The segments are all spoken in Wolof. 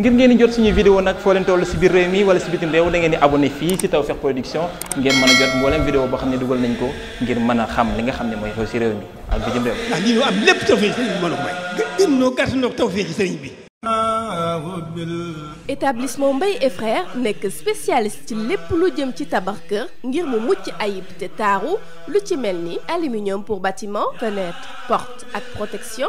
ngir ngeen di jot suñu vidéo nag foo leen toll si biir réew mi wala si bitim réew da ngeen di abonné fii si Tawfekh Production ngeen mën a jot mboolem vidéo boo xam ne dugal nañ ko ngir mën a xam li nga xam ne mooy xew si réew mi ak bitim réew. ndax lii ñu am lépp tawfeex sëriñ bi mën a may. gën noo gàtt noo tawfeex nekk spécialiste ci lépp lu jëm ci tabax kër ngir mu mucc ayib te taaru lu ci mel ni aluminium pour bâtiment fenêtre porte ak protection.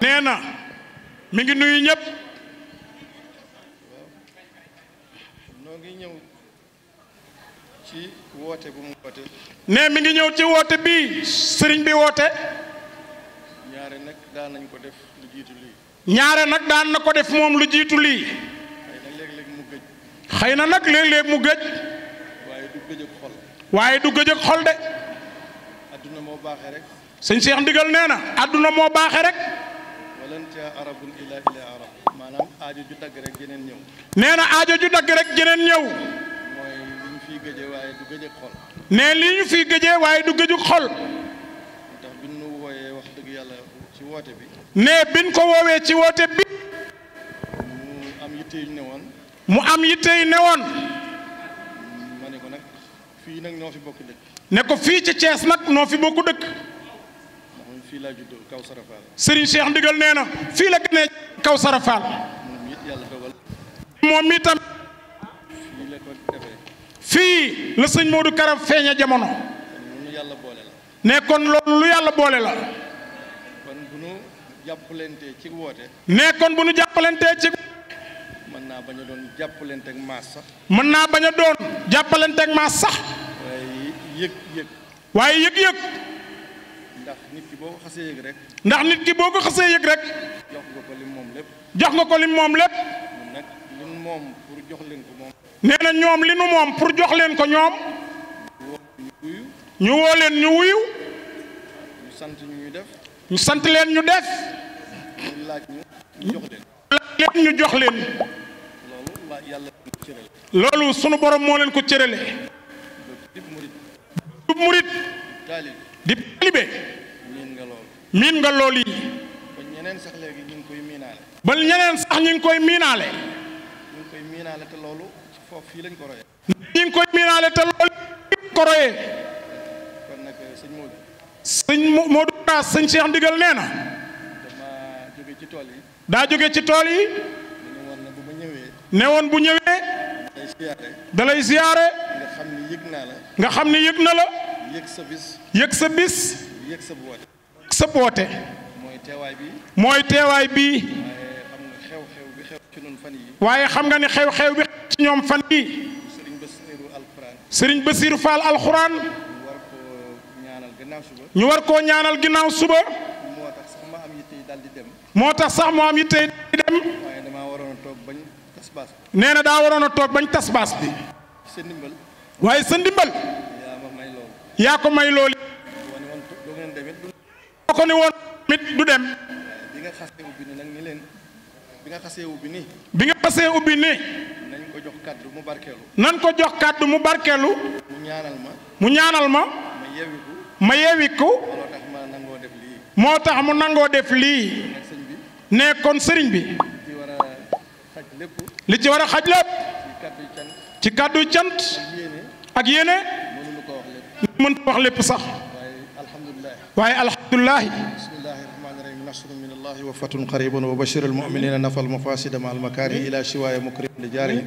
nee na mi ngi nuyu ñëpp. noo ngi ñëw ci woote mu woote. nee mi ngi ñëw ci woote bii sëriñ bi woote. ñaare nag daan nañ ko def lu jiitu lii. ñaare nag daan na ko def moom lu jiitu lii. xëy na mu gëj. xëy na nag léeg-léeg mu gëj. waaye du gëj xol. waaye du gëj xol de. adduna moo baaxee rek. sëñ Cheikh Ndigal nee na adduna moo baaxee rek. maanaam aajo ju dagg rek jeneen ñëw. nee na aajo ju dagg rek jeneen ñëw. mooy li ñu waaye du gëjee xol. nee li ñu fiy waaye du gëju xol. ndax bi wax dëgg yàlla ci woote bi. nee biñ ko woowee ci woote bi. mu am yitte yu newoon. mu am yitte yu newoon. ma ne ko nag fii nag ñoo bokk dëkk. ne ko fii ci nag noo fi bokk dëkk. fii laa juddoo Kawsara Fall. Serigne Cheikh Ndigal nee na fii la gënee Kawsara Fall. moom yàlla dogal. moom itam. fii la ko defee. fii la sëñ Modou Kara feeña jamono. yàlla boole ne kon loolu lu yàlla boole la. kon bu nu jàppalantee ci woote. ne kon bu nu jàppalantee ci. mën naa bañ a doon jàppalante ak maas sax. mën naa bañ a doon jàppalante maas sax. waaye yëg-yëg. ndax nit ki boo ko xasee yëg rek. ndax nit ki boo ko xasee yëg rek. jox nga ko lim moom lépp. jox nga ko li moom lépp. moom pour jox leen ko moom. nee na ñoom li nu moom pour jox leen ko ñoom. ñu woo leen ñu wuyu. ñu sant ñu ñu def. sant leen ñu def. ñu laaj ñu jox leen. laaj leen ñu jox leen. loolu waa yàlla ko cërale. loolu sunu borom moo leen ko cërale. dib murit. dib murit. miin nga lool miin nga lool yi. ba ñeneen sax léegi ñu ngi koy miinaale. ba ñeneen te loolu fii lañ ko royee. ñu ngi koy miinaale te loolu lañ ko royee. kon nag euh, sëñ Modou. sëñ Modou Kras sëñ Cheikh Ndigal nee na. damaa ci tool yi. daa jóge ci tool yi. ne woon bu ñëwee. dalay ziyaare. nga xam ni yëg na la. yëg sa bis. yëg sab woote. sab mooy teewaay bi. mooy teewaay bi. waaye xam nga ne xew-xew bi ci ñoom fan yi sëriñ Basiiru Faal alxuraan. ñu war koo ñaanal ginnaaw suba. moo tax sax ma am daal di dem. moo tax sax mu am yitte di dem. nee na daa waroon a toog bañ tasbaas bi. waaye sa ndimbal. yaa ko may loolu. ko ni woon mit du dem bi nga xasee ubbi ni nag ni leen bi nga xasee bi nga xasee ubbi ni nañ ko jox kàddu mu barkeelu nañ ko jox kàddu mu barkeelu mu ñaanal ma mu ñaanal ma ma yeewiku moo tax lii moo tax mu nangoo def lii ne kon sëriñ bi li ci war a xaj lépp ci kàddu cant ak yéene mënut a wax lépp sax waaye alhamdulilahi bismillahi rahmani rahim nasrun min allahi wa fatun qaribun wa bashir almuminina nafa almafasida ma almakari ila shiwaaya mukrim li jaari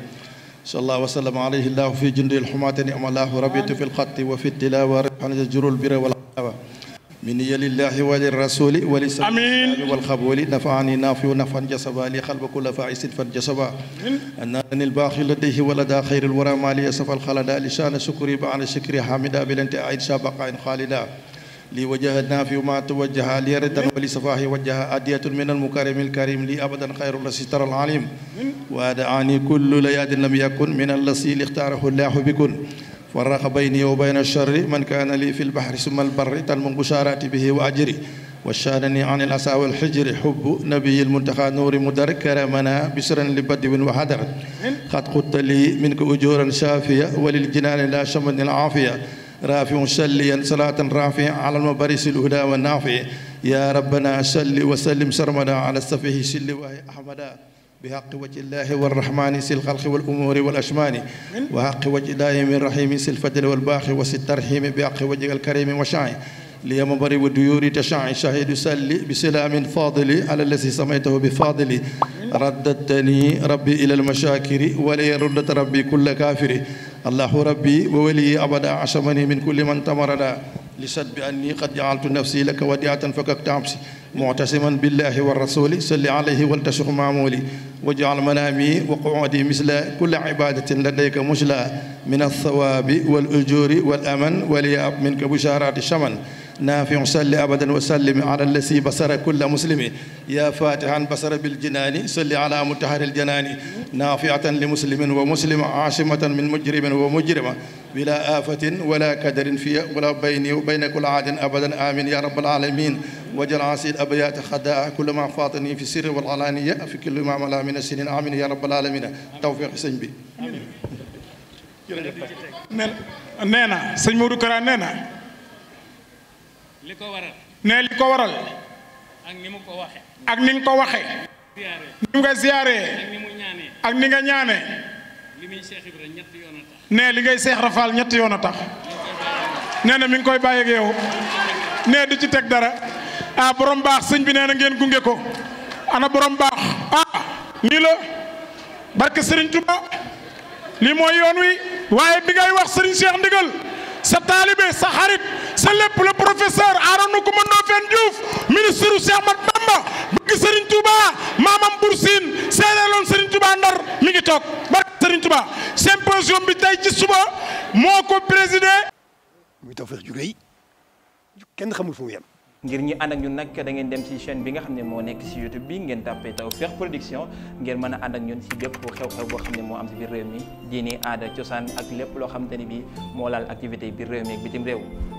sallallahu wa sallam alayhi llahu fi jundi alhumatani amalahu rabitu fi lxatti wa fi tilawa rabhan yajrul bira walxawa من لله وللرسول وللسلام والقبول نفعني نافع نفعا جسبا لي خلب كل فاعس فانجسبا أنني الباخي لديه ولدى خير الورى مالي سفى الخلدا لشان شكري بعد شكري حامدا بلنت أعيد شابقا خالدا لي وجه النافع ما توجه لي ردا ولصفاه وجه أدية من المكرم الكريم لي أبدا خير الستر العليم وأدعاني كل لياد لم يكن من الذي اختاره الله بكن فرق بيني وبين الشر من كان لي في البحر ثم البر تنمو بشاراتي به وأجري وشانني عن الأسى والحجر حب نبي المنتخى نور مدر كرمنا بسرا لبدو وحدر قد قلت لي منك أجورا شافية وللجنان لا شمن العافية رافع شليا صلاة رافعة على المبارس الهدى والنافع يا ربنا صل وسلم سرمدا على السفيه شل وهي أحمدا بحق وجه الله والرحمن سل الخلق والأمور والأشمان وحق وجه الله من رحيم سل الفجر والباخي وسل الترحيم بحق وجه الكريم وشعي ليوم بري وديور تشعي شهيد سلي بسلام فاضل على الذي سميته بفاضل رددتني ربي إلى المشاكر ولي ردت ربي كل كافر allahu rabbi wa waliyi abada asamani min kulli man tamarada li sat bi anni qad jaaltu nafsi laka wadiatan fakak taabsi muctasiman billahi wa rasuli salli alayhi waltasux maamuli wajal manaami wa quudi misla kulla ibadatin ladayka musla min althawaabi wal ujuri wal aman waliyaab minka busharati shaman نافع صل أبدا وسلم على الذي بصر كل مسلم يا فاتحا بصر بالجنان صل على متحر الجنان نافعة لمسلم ومسلم عاصمة من مجرم ومجرمة بلا آفة ولا كدر في ولا بيني وبين كل عاد أبدا آمين يا رب العالمين وجل عسير أبيات خداء كل ما فاطني في السر والعلانية في كل ما ملا من السنين آمين يا رب العالمين توفيق sëñ bi nee na sëñ Modou Kara nee na li ko waral. ne li ko waral. ak ni mu ko waxe ak ni nga ko waxee. ni nga ak ni mu ñaanee. ak ni nga ñaanee. li muy Seex yoon a tax. ne li ngay Seex Rafaal ñett yoon a tax. nee na mi ngi koy bàyyi ak yow. nee ci teg dara. ah borom baax sëñ bi nee na ngeen gunge ko. ana borom baax. ah nii la. barke Serigne Touba. lii mooy yoon wi. waaye bi wax Serigne Cheikh ndigal sa taalibe sa xarit. sa lépp le professeur Arona Coumba Ndoffène Diouf ministre u Cheikh Ahmad Bamba bëgg Serigne Touba maamam Bour Sine seedeeloon Serigne Touba Ndar mi ngi toog barke Serigne Touba symposium bi tey ci suba moo ko présidé. ngir ñi ànd ak ñun nag da ngeen dem ci chaîne bi nga xam ne moo nekk ci YouTube bi ngeen tàppee Tawfekh Production ngeen mën a ànd ak ñun ci bépp xew-xew boo xam ne moo am ci biir réew mi diini aada cosaan ak lépp loo xamante ni bi moo laal activité biir réew mi ak